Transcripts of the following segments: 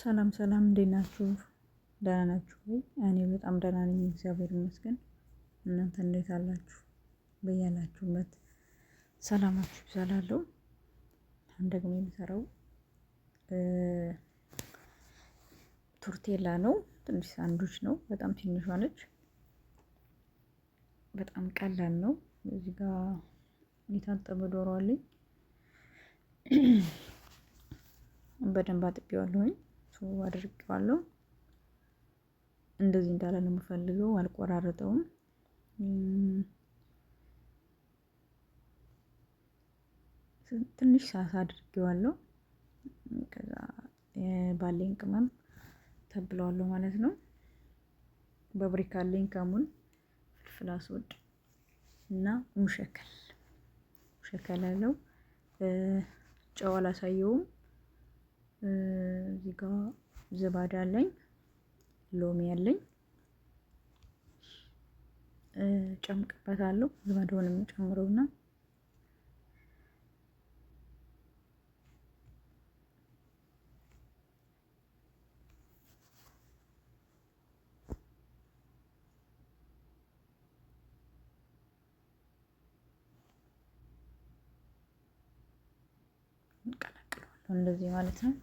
ሰላም ሰላም፣ እንዴት ናችሁ? ደህና ናችሁ ወይ? እኔ በጣም ደህና ነኝ፣ እግዚአብሔር ይመስገን። እናንተ እንዴት አላችሁ? በያላችሁበት ሰላማችሁ ይብዛላለሁ። አሁን ደግሞ የሚሰራው ቶርቴላ ነው፣ ትንሽ ሳንዱች ነው። በጣም ትንሿ ነች፣ በጣም ቀላል ነው። እዚህ ጋር የታጠበ ዶሮ አለኝ፣ በደንብ አጥቤዋለሁኝ እንዲደርሳችሁ አድርጌዋለሁ። እንደዚህ እንዳለ ነው የምፈልገው። አልቆራረጠውም። ትንሽ ሳሳ አድርጌዋለሁ። ከዛ ባለኝ ቅመም ተብለዋለሁ ማለት ነው። በብሪካሌን ከሙን፣ ፍልፍል አስወድ እና ሙሸከል ሙሸከል አለው። ጨው አላሳየውም። እዚህ ጋር ዝባድ አለኝ፣ ሎሚ አለኝ። ጨምቅበታለሁ። ዝባድንም የምጨምረውና እንቀላቅለዋለሁ እንደዚህ ማለት ነው።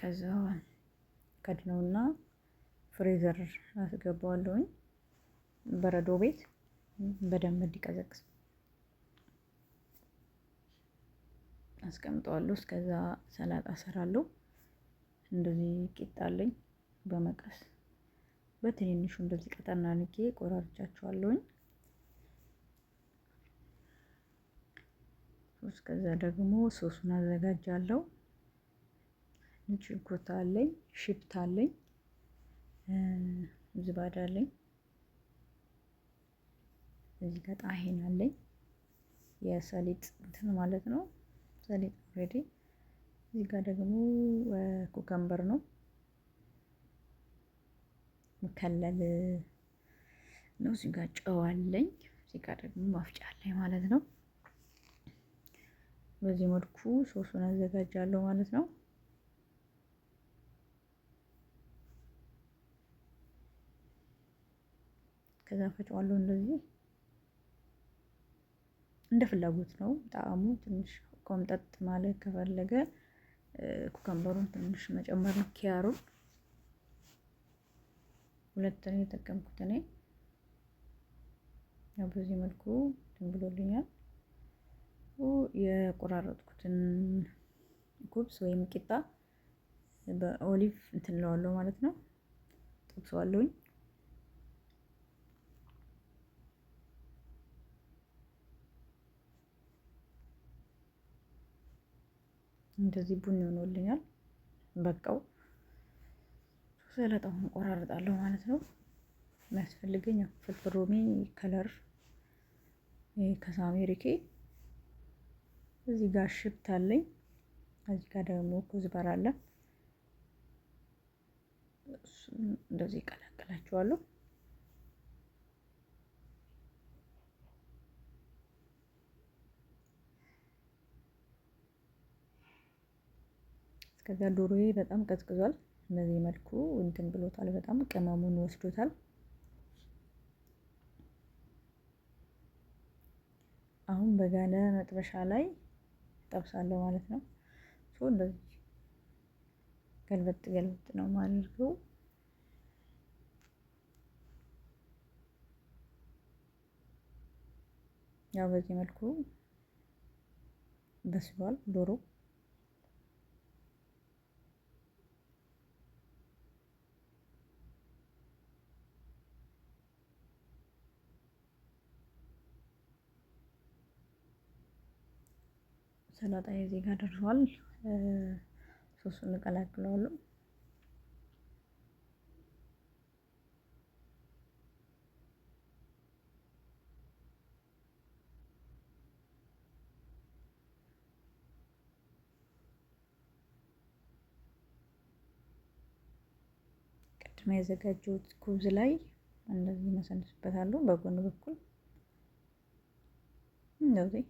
ከዛ ከድነውና ፍሬዘር አስገባዋለሁኝ በረዶ ቤት በደንብ እንዲቀዘቅዝ አስቀምጠዋለሁ። እስከዛ ሰላጣ ሰራለሁ እንደዚህ ቂጣለኝ በመቀስ በትንንሹ እንደዚህ ቀጠና አድርጌ ቆራርጫቸዋለሁኝ። እስከዛ ደግሞ ሶሱን አዘጋጃለሁ። ነጭ ሽንኩርት አለኝ፣ ሽፍታ አለኝ፣ ዝባድ አለኝ፣ እዚህ ጋር ጣሄን አለኝ። የሰሊጥ እንትን ማለት ነው። ሰሊጥ ኦልሬዲ እዚህ ጋር ደግሞ ኩከምበር ነው መከለል ነው። እዚህ ጋር ጨው አለኝ። እዚህ ጋር ደግሞ ማፍጫ አለኝ ማለት ነው። በዚህ መልኩ ሶሱን አዘጋጃለሁ ማለት ነው። ከዛ ፈጫዋለሁ እንደዚህ እንደ ፍላጎት ነው። ጣዕሙ ትንሽ ቆምጠጥ ማለት ከፈለገ ኩከምበሩን ትንሽ መጨመር ነው። ኪያሩን ሁለት ነው የጠቀምኩት እኔ ያው በዚህ መልኩ ትንብሎልኛል። የቆራረጥኩትን ኩብስ ወይም ቂጣ በኦሊቭ እንትንለዋለሁ ማለት ነው። ጠብሰዋለሁኝ። እንደዚህ ቡኒ ሆኖልኛል። በቃው ሰላጣውን ቆራርጣለሁ ማለት ነው። የሚያስፈልገኝ ፍልፍል ሮሜ ከለር ከሳሜሪኬ እዚህ ጋር ሽብት አለኝ። እዚህ ጋር ደግሞ ኩዝበር አለ። እንደዚህ ይቀላቀላችኋለሁ። ከዛ ዶሮዬ በጣም ቀዝቅዟል። በዚህ መልኩ እንትን ብሎታል፣ በጣም ቅመሙን ወስዶታል። አሁን በጋለ መጥበሻ ላይ ጠብሳለሁ ማለት ነው። ሶ እንደዚህ ገልበጥ ገልበጥ ነው ማድረገው። ያው በዚህ መልኩ በስሏል ዶሮ ሰላጣ የዚህ ጋር ደርሷል። ሶሱን እንቀላቅለዋለን። ቅድም ያዘጋጀሁት ኩብዝ ላይ እንደዚህ መሰንስበታለሁ። በጎን በኩል እንደዚህ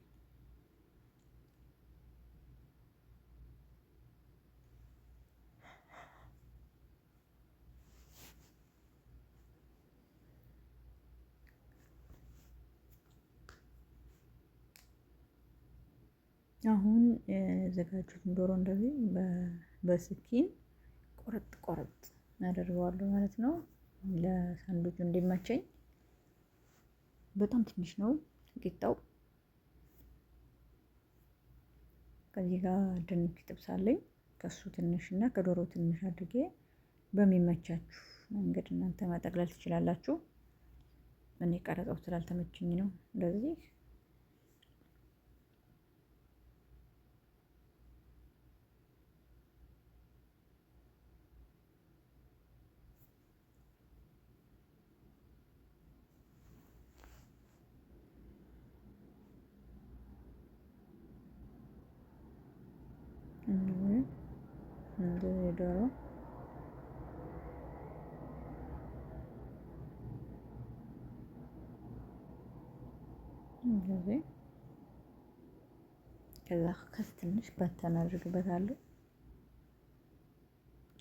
አሁን የዘጋጁትን ዶሮ እንደዚህ በስኪን ቆረጥ ቆረጥ አደርገዋለሁ ማለት ነው፣ ለሳንዱቹ እንዲመቸኝ። በጣም ትንሽ ነው ቂጣው። ከዚህ ጋር ድንች ጥብስ አለኝ። ከሱ ትንሽ እና ከዶሮ ትንሽ አድርጌ በሚመቻችሁ መንገድ እናንተ መጠቅለል ትችላላችሁ። እኔ ቀረጸው ስላልተመቸኝ ነው እንደዚህ ዶሮ እንደዚህ ከዛ ከስ ትንሽ በተን አድርግበታለሁ።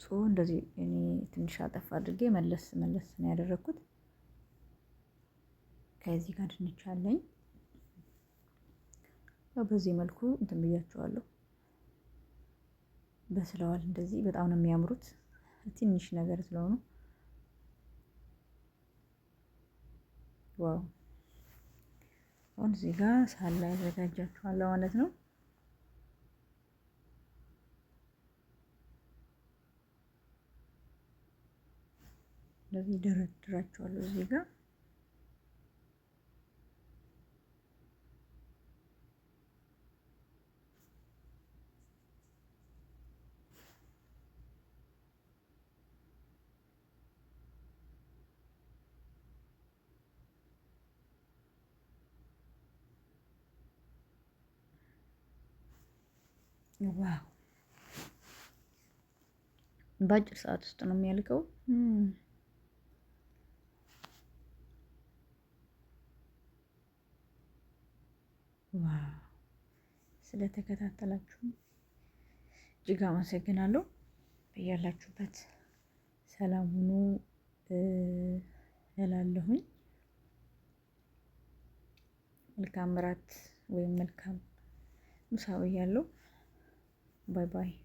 ጾ እንደዚህ እኔ ትንሽ አጠፍ አድርጌ መለስ መለስ ነው ያደረኩት። ከዚህ ጋር ድንች አለኝ። በዚህ መልኩ እንትን ብያቸዋለሁ። በስለዋል። እንደዚህ በጣም ነው የሚያምሩት ትንሽ ነገር ስለሆኑ ዋው። አሁን እዚህ ጋር ሳህን ላይ ያዘጋጃችኋለሁ ማለት ነው። እንደዚህ ደረድራችኋለሁ እዚህ ጋር ዋው በአጭር ሰዓት ውስጥ ነው የሚያልቀው። ዋው ስለተከታተላችሁ እጅግ አመሰግናለሁ። እያላችሁበት ሰላም ሁኑ እላለሁኝ። መልካም እራት ወይም መልካም ምሳ ብያለሁ። Bye bye.